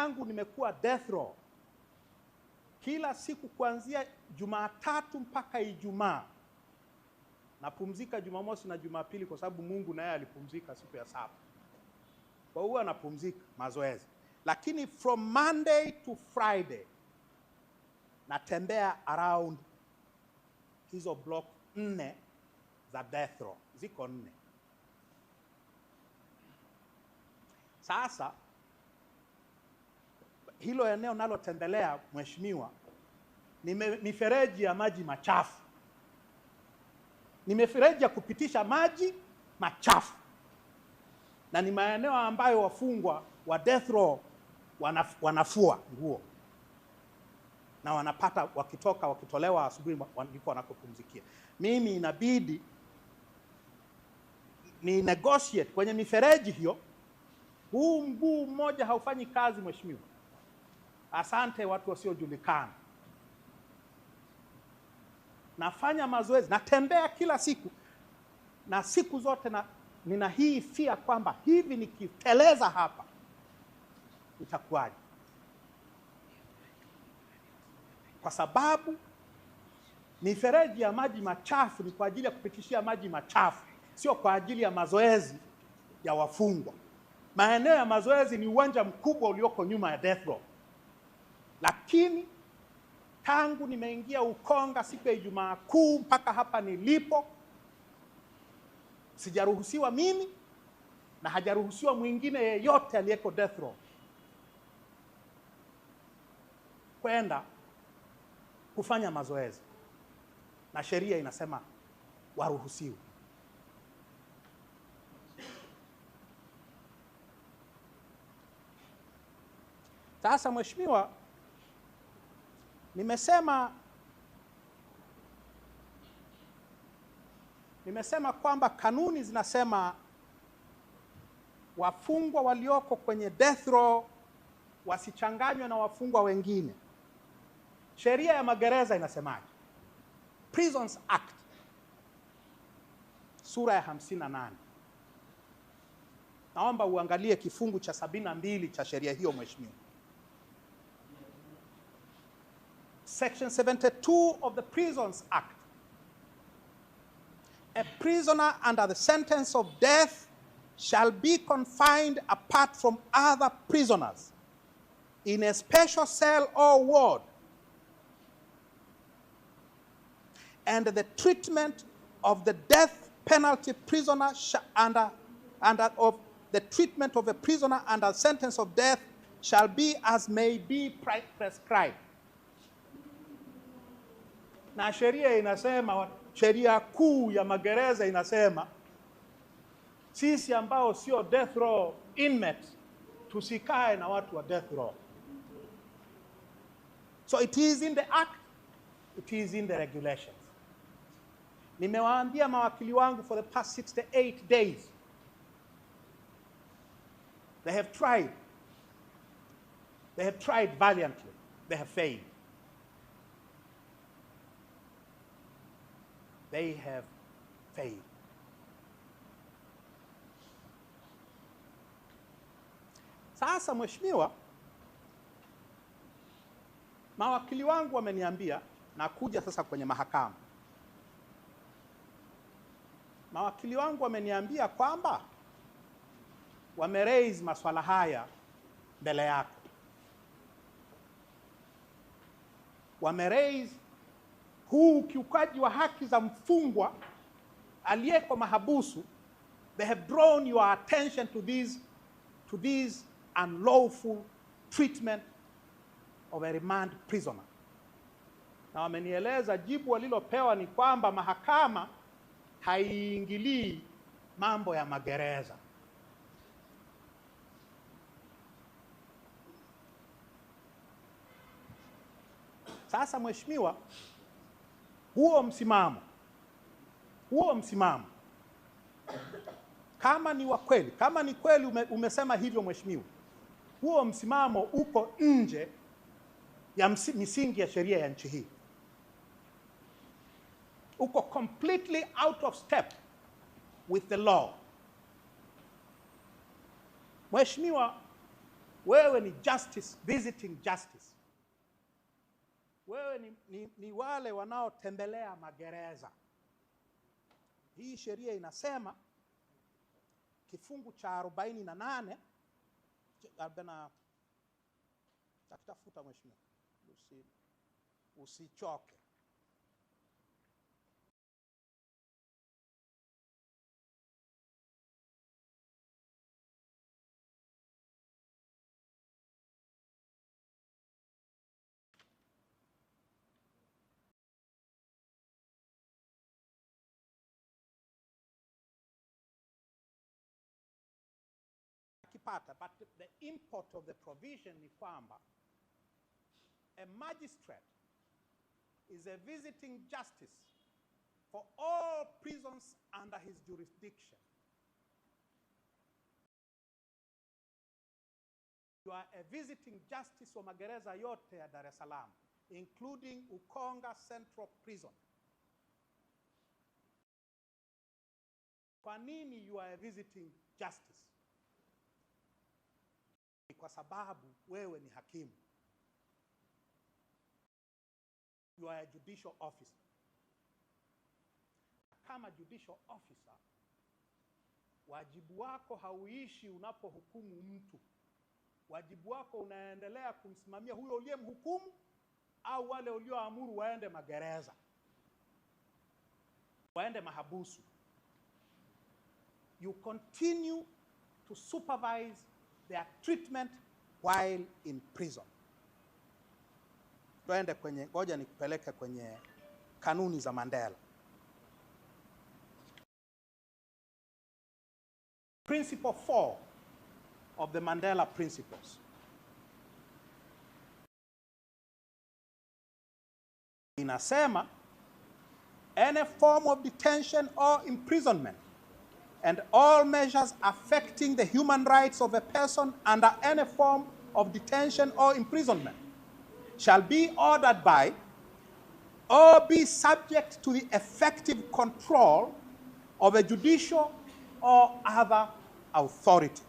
yangu nimekuwa death row, kila siku kuanzia Jumatatu mpaka Ijumaa napumzika Jumamosi na Jumapili kwa sababu Mungu naye alipumzika siku ya saba, kwa hiyo anapumzika mazoezi. Lakini from Monday to Friday natembea around hizo block nne za death row, ziko nne sasa hilo eneo nalotembelea mheshimiwa, ni mifereji ya maji machafu, ni mifereji ya kupitisha maji machafu, na ni maeneo ambayo wafungwa wa death row wanaf, wanafua nguo na wanapata wakitoka, wakitolewa asubuhi ndipo wanakopumzikia. Mimi inabidi ni negotiate kwenye mifereji hiyo. Huu mguu mmoja haufanyi kazi mheshimiwa Asante watu wasiojulikana. Nafanya mazoezi, natembea kila siku na siku zote na, nina hii fia kwamba hivi nikiteleza hapa itakuwaje, kwa sababu mifereji ya maji machafu ni kwa ajili ya kupitishia maji machafu, sio kwa ajili ya mazoezi ya wafungwa. Maeneo ya mazoezi ni uwanja mkubwa ulioko nyuma ya death row. Lakini tangu nimeingia Ukonga siku ya Ijumaa Kuu mpaka hapa nilipo, sijaruhusiwa mimi na hajaruhusiwa mwingine yeyote aliyeko death row kwenda kufanya mazoezi, na sheria inasema waruhusiwe. Sasa mheshimiwa Nimesema nimesema kwamba kanuni zinasema wafungwa walioko kwenye death row wasichanganywe na wafungwa wengine. Sheria ya magereza inasemaje? Prisons Act sura ya 58. Naomba uangalie kifungu cha 72 cha sheria hiyo, mheshimiwa. Section 72 of the Prisons Act. A prisoner under the sentence of death shall be confined apart from other prisoners in a special cell or ward, and the treatment of the death penalty prisoner under, under of the treatment of a prisoner under sentence of death shall be as may be prescribed na sheria inasema, sheria kuu ya magereza inasema sisi ambao sio death row inmate tusikae na watu wa death row. So it is in the act, it is in the regulations. Nimewaambia mawakili wangu for the past 68 days they have tried, they have tried valiantly, they have failed. they have faith. Sasa mheshimiwa, mawakili wangu wameniambia nakuja sasa kwenye mahakama. Mawakili wangu wameniambia kwamba wameraise maswala haya mbele yako, wameraise huu ukiukaji wa haki za mfungwa aliyeko mahabusu, they have drawn your attention to these, to these unlawful treatment of a remand prisoner. Na wamenieleza jibu walilopewa ni kwamba mahakama haiingilii mambo ya magereza. Sasa mheshimiwa huo msimamo huo msimamo kama ni wa kweli, kama ni kweli ume, umesema hivyo mheshimiwa, huo msimamo uko nje ya misingi ya sheria ya nchi hii, uko completely out of step with the law. Mheshimiwa, wewe ni justice visiting justice wewe ni, ni, ni wale wanaotembelea magereza. Hii sheria inasema kifungu cha 48 na nane takitafuta mheshimiwa, usichoke but the import of the provision ni kwamba a magistrate is a visiting justice for all prisons under his jurisdiction. You are a visiting justice wa magereza yote ya Dar es Salaam, including Ukonga Central Prison. Kwa nini you are a visiting justice? sababu wewe ni hakimu, you are a judicial officer. Kama judicial officer, wajibu wako hauishi unapohukumu mtu. Wajibu wako unaendelea kumsimamia huyo uliyemhukumu au wale ulioamuru waende magereza, waende mahabusu. You continue to supervise their treatment while in prison. Twende kwenye, ngoja nikupeleke kwenye kanuni za Mandela. Principle 4 of the Mandela Principles. Inasema any form of detention or imprisonment and all measures affecting the human rights of a person under any form of detention or imprisonment shall be ordered by or be subject to the effective control of a judicial or other authority.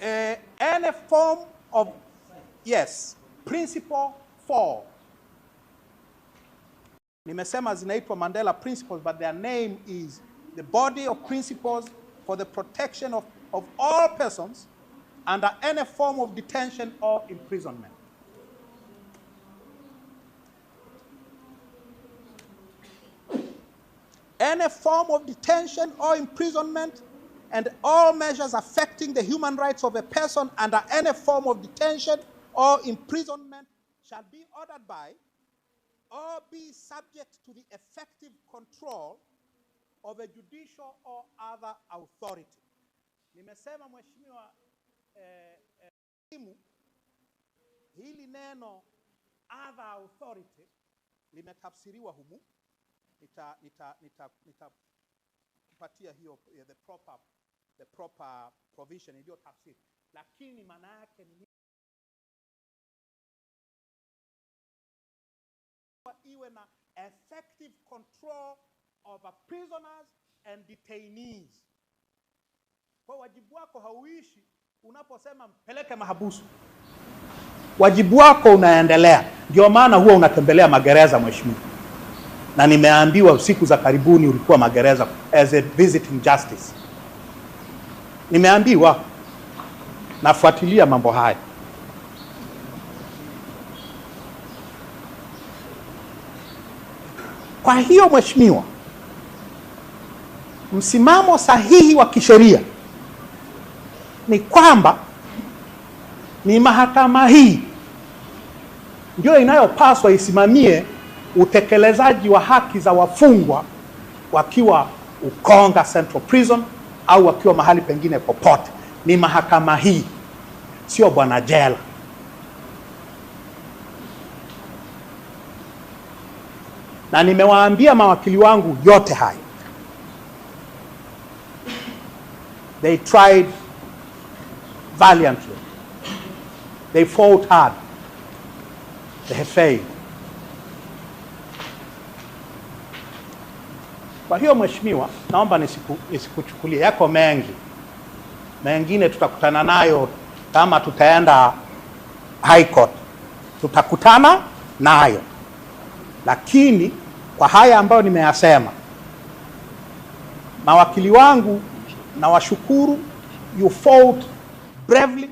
Uh, any form of, yes, principle four Nimesema zinaitwa Mandela Principles, but their name is the body of principles for the protection of, of all persons under any form of detention or imprisonment. Any form of detention or imprisonment and all measures affecting the human rights of a person under any form of detention or imprisonment shall be ordered by or be subject to the effective control of a judicial or other authority. Nimesema mheshimiwa eh, eh, hili neno other authority limetafsiriwa humu, nitakupatia nita, nita, nita hiyo eh, the proper, the proper provision iliyo tafsiri, lakini maana yake ni iwe na effective control over prisoners and detainees. Kwa wajibu wako hauishi unaposema mpeleke mahabusu, wajibu wako unaendelea. Ndio maana huwa unatembelea magereza, mheshimiwa, na nimeambiwa siku za karibuni ulikuwa magereza as a visiting justice. Nimeambiwa nafuatilia mambo haya. Kwa hiyo mheshimiwa, msimamo sahihi wa kisheria ni kwamba ni mahakama hii ndio inayopaswa isimamie utekelezaji wa haki za wafungwa wakiwa Ukonga Central Prison au wakiwa mahali pengine popote. Ni mahakama hii, sio bwana jela. na nimewaambia mawakili wangu yote hayo. They tried valiantly. They fought hard. They have failed. Kwa hiyo mheshimiwa, naomba nisikuchukulie, yako mengi mengine tutakutana nayo kama tutaenda high court, tutakutana nayo. Lakini kwa haya ambayo nimeyasema, mawakili wangu nawashukuru. You fought bravely,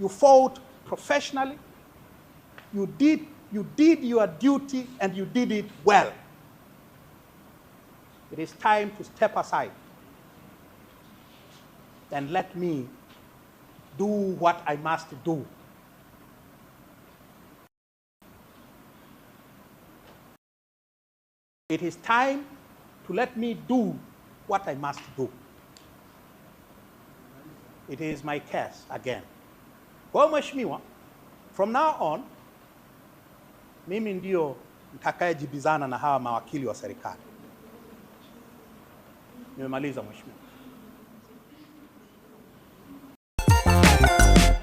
you fought professionally, you did, you did your duty and you did it well. It is time to step aside and let me do what I must do. It is time to let me do what I must do. It is my case again. Kwa mheshimiwa, from now on mimi ndio nitakayejibizana na hawa mawakili wa serikali. Nimemaliza mheshimiwa.